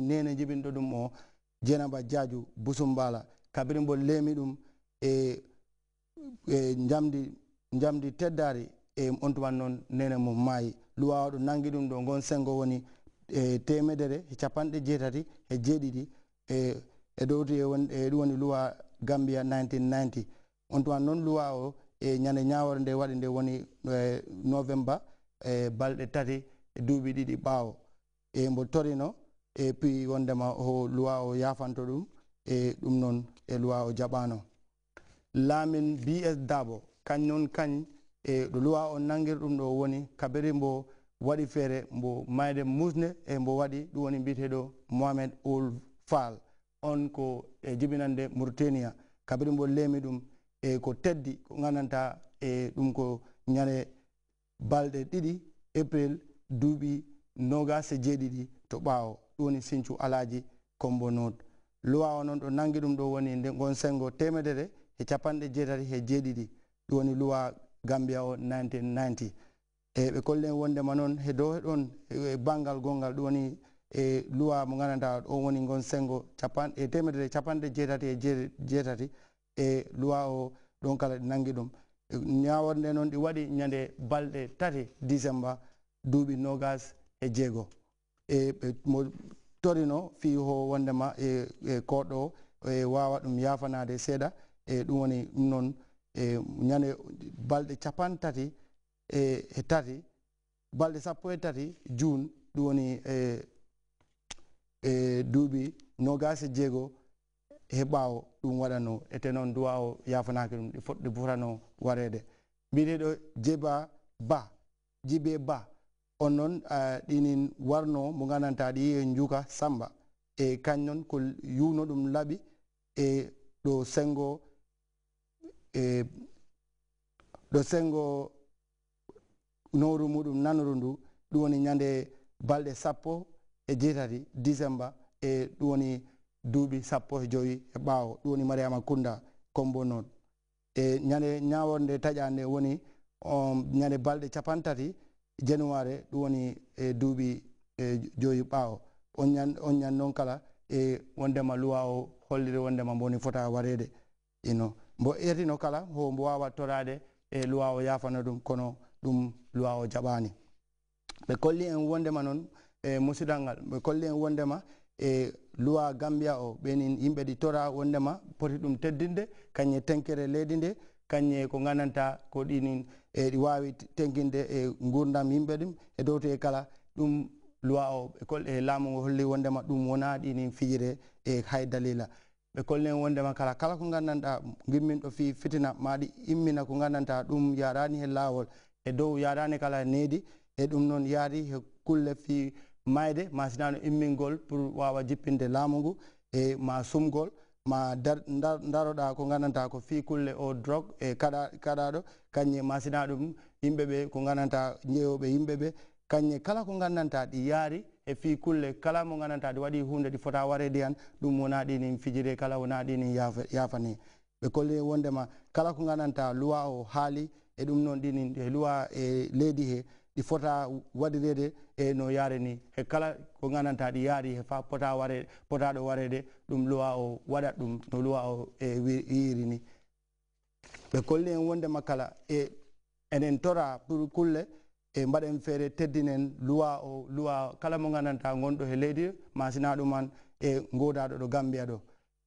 nene jibinɗo ɗum o jenaba diadiou busumbala kabirimbo leemi ɗum e e jamdi jamdi teddari e on tuman noon nene mo maayi luwawaɗo nangui ɗum ɗo gon sengo woni e temedere e capanɗe jeetati e jeeɗiɗi e e dowti e won e ɗum woni luwa gambia 1990 on tuman noon luwa o e ñande ñawore nde waɗi nde woni e novembre e balɗe tati e duuɓi ɗiɗi ɓawo e mbo torino e puis wondema o luwa o yafanto ɗum e ɗum noon e luwa o jaɓano laamin bs dabo kañnon kañ e ɗo luwa o nangir ɗum ɗo woni kabiri mbo waɗi feere mbo mayde musde e mbo waɗi ɗum woni mbiyeteɗo mohamed ol fal on ko e jibinande mauritania kabiri mbo leemi ɗum e ko teddi ko gandanta e ɗum ko ñande balɗe ɗiɗi april duuɓi nogas e jeeɗiɗi to ɓaawo ɗoni sincu alaji combo note luwa o noon ɗo nangi ɗum ɗo woni nde gon sengo temedere e capanɗe jeetati he jeeɗiɗi ɗum woni luwa gambia o 1990 eyi ɓe kolɗen wondema noon he dow heɗon e banggal gongal ɗum woni e luwa mo gandanta o woni gon sengo capanɗe temedere capanɗe jeetati e jeetati e luwa o ɗon kala ɗi nangi ɗum ñawor nde noon ɗi waɗi ñande balɗe tati décembre duuɓi nogas e jeego E, e mo torino fi ho wondema e, e kodo e wawa dum yafanade seda e dum woni non e nyane balde capan tati e, e tati balde sappo e tati june dum woni e duuɓi nogase jeego he bawo dum wadano ete non duwa yafanake dum ɗum ɗi fof ɗi ɓurano warede mbiɗeɗo jeba ba jibe ba on noon ɗinin warno mo gananta ɗi e juka samba e kañnon ko yuwno ɗum laaɓi e ɗo sengo e ɗo sengo nowru muɗum nanoru ndu ɗum woni ñande balɗe sappo e jeetati décembre e ɗum woni duuɓi sappo e joyi e ɓaawo ɗum woni mariama kunda kombo noon e ñande ñawor nde taƴa nde woni ñande balɗe capantati januware ɗum woni e duuɓi e joyi ɓaawo on ñan noon kala e wondema luwa o holliri wondema mboni fota warede ino mbo erino kala ho mbo wawa torade e luwa o yafana ɗum kono ɗum luwa o jaɓani ɓe kolli en wondema noon e musidal ngal ɓe kolli en wondema e luwa gambia o ɓenin yimɓe ɗi tora wondema poti ɗum teddinde kanje tenkere leydi nde kanje ko gananta ko ɗinin e ɗi wawi tenguinde e gurdam yimɓe ɗum e dowto e kala ɗum loi o ee e laamu ngo holli wondema ɗum wona ɗinin fijire e hay dalila ɓe kolnen wondema kala kala ko gandanta gimminɗo fi fitina maɗi immina ko gandanta ɗum yarani he lawol e dow yarani kala needi e ɗum noon yaari he kulle fi mayde ma sinano immingol pour wawa jippinde laamu ngu e ma sumgol ma daroɗa ko gandanta ko fi kulle o drog e kaɗaɗo kanƴe masina ɗum yimɓeɓe ko gandanta jeeyoɓe yimɓeɓe kanƴe kala ko gandanta ɗi yaari e fi kulle kala mo gandanta ɗi waɗi hunde ɗi fota warede han ɗum wona ɗinin fijire kala wona ɗinin yaafani ɓe kolli wondema kala ko gandanta luwa o haali e ɗum noon ɗinin e luwa e leydi he ɗi fota waɗirede e no yaare ni e kala ko gandanta ɗi yaari he fa pota ware potaɗo warede ɗum lowa o waɗat ɗum no lowa o e yiri ni ɓe kolni en wonde makkala e enen tora pour kulle e mbaɗen feere teddinen lowa o lowa kala mo gandanta gonɗo he leydi masinaɗo man e godaɗo ɗo gambiya ɗo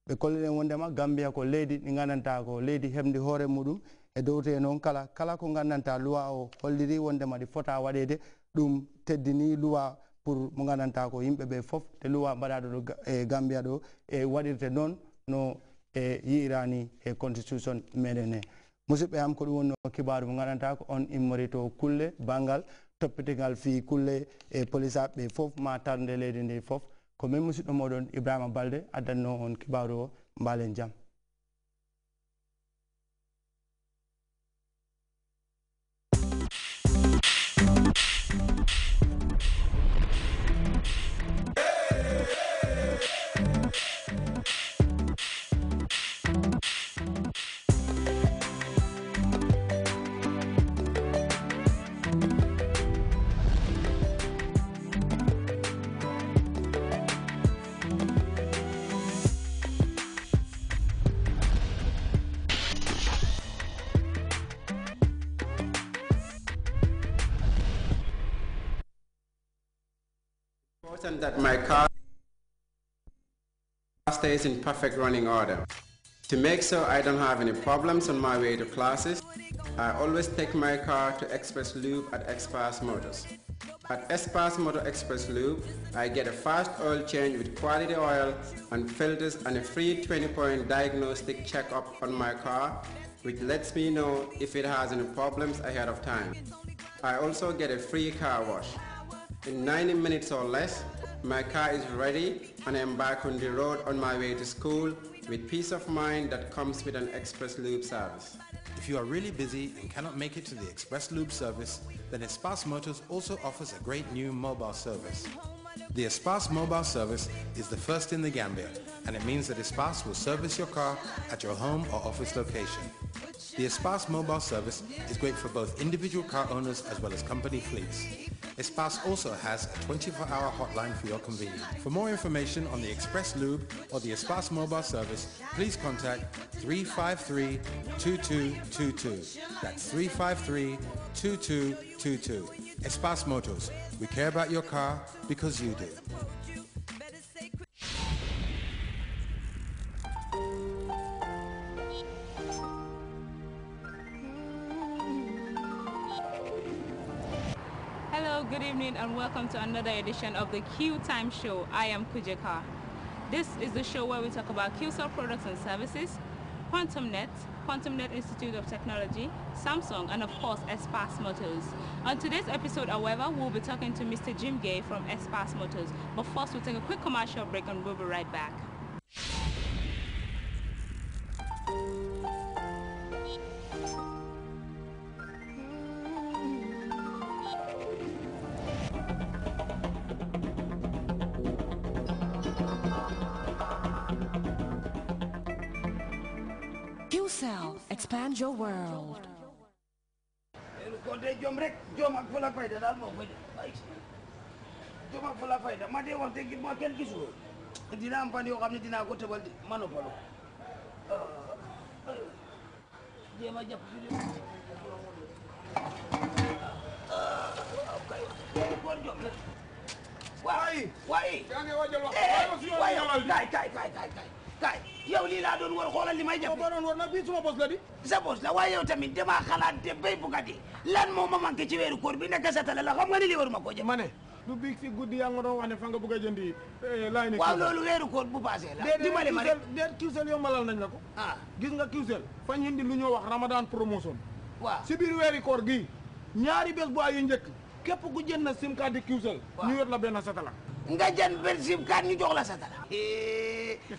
ɓe kolni en wondema gambiya ko leydi ɗi gandanta ko leydi hemdi hoore muɗum e dowte noon kala kala ko gandanta luwa o holliri wonde ma ɗi fota waɗede ɗum teddini luwa pour mo gandanta ko yimɓe ɓe foof te luwa mbaɗaɗo ɗo e gambia ɗo e waɗirte noon no e yiirani e constitution meɗen e musidɓe am ko ɗum wonno kibaru mo gandanta ko on to kulle bangal toppitigal fi kulle e police aɓe foof ma tarde leydi ndi foof ko min musidɗo moɗon ibrahima balde addanno on kibaru o mbalen jaam that my car stays in perfect running order. To make so I don't have any problems on my way to classes, I always take my car to Express Loop at Express Motors. At Express Motor Express Loop, I get a fast oil change with quality oil and filters and a free 20-point diagnostic checkup on my car, which lets me know if it has any problems ahead of time. I also get a free car wash. In 90 minutes or less, my car is ready and I am back on the road on my way to school with peace of mind that comes with an Express Lube service. If you are really busy and cannot make it to the Express Lube service, then Espas Motors also offers a great new mobile service. The Espas mobile service is the first in the Gambia and it means that Espas will service your car at your home or office location. The Espas mobile service is great for both individual car owners as well as company fleets. Espas also has a 24-hour hotline for your convenience. For more information on the Express Lube or the Espas mobile service, please contact 353-2222. That's 353-2222. Espas Motors. We care about your car because you do. good evening and welcome to another edition of the Q Time Show. I am Kujeka. This is the show where we talk about QSL products and services, QuantumNet, QuantumNet Institute of Technology, Samsung, and of course, Espas Motors. On today's episode, however, we'll be talking to Mr. Jim Gay from Espas Motors. But first, we'll take a quick commercial break and we'll be right back. Q Cell, expand your world. yow lii laa doon war xoolal li may def. boo doon war nag bii la waaye yow tamit damaa xalaat te béy bu gàddi lan moo ma manqué ci weeru koor bi nekk sa la xam nga ni li waruma koo jëf. ma ne du biig si guddi yaa nga doon wax ne fa nga a jëndi eh, laay ne. waaw loolu weeru koor bu passé la. dimbali ma rek déedéet kiwsel yombalal nañ la ko. ah gis nga kiwsel fañ indi lu ñoo wax ramadan promotion. waaw si biir weeri koor gii ñaari bés bu ay njëkk képp ku jënd na sim card di kiwsel ñu yor la benn satala nga ñu jox la satala.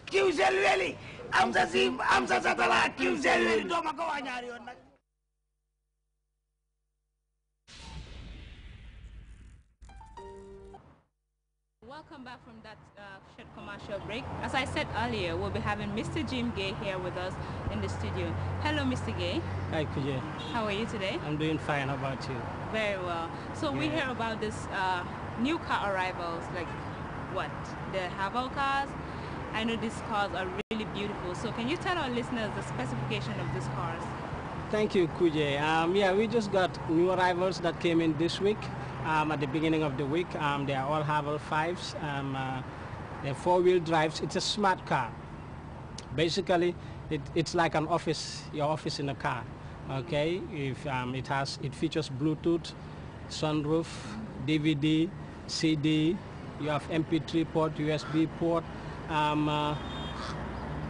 kiw am sa am sa satala kiw ma ko Welcome back from that uh, short commercial break. As I said earlier, we'll be having Mr. Jim Gay here with us in the studio. Hello, Mr. Gay. Hi, Kuja. How are you today? I'm doing fine. How about you? Very well. So yeah. we hear about this uh, new car arrivals, like what? The Haval cars? I know these cars are really beautiful. So can you tell our listeners the specification of these cars? Thank you, Kuje. Um, yeah, we just got new arrivals that came in this week. Um, at the beginning of the week, um, they are all Havel 5s. Um, uh, they're four-wheel drives. It's a smart car. Basically, it, it's like an office, your office in a car. Okay, if um, it has, it features Bluetooth, sunroof, DVD, CD, you have MP3 port, USB port. Um, uh,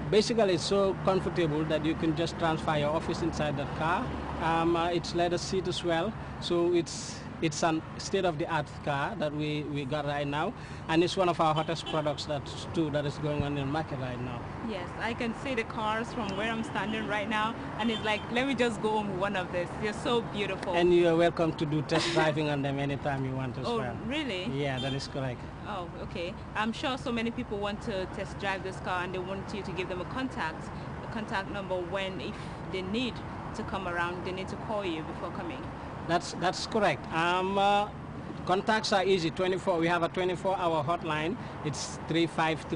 basically, it's so comfortable that you can just transfer your office inside that car. Um, uh, it's leather seat as well, so it's it's a state-of-the-art car that we, we got right now, and it's one of our hottest products that too that is going on in the market right now. Yes, I can see the cars from where I'm standing right now, and it's like, let me just go on one of this. They're so beautiful. And you're welcome to do test driving on them anytime you want as oh, well. Oh, really? Yeah, that is correct. Oh, okay. I'm sure so many people want to test drive this car, and they want you to give them a contact, a contact number when if they need to come around, they need to call you before coming. That's, that's correct. Um, uh, contacts are easy. 24. We have a 24-hour hotline. It's 353.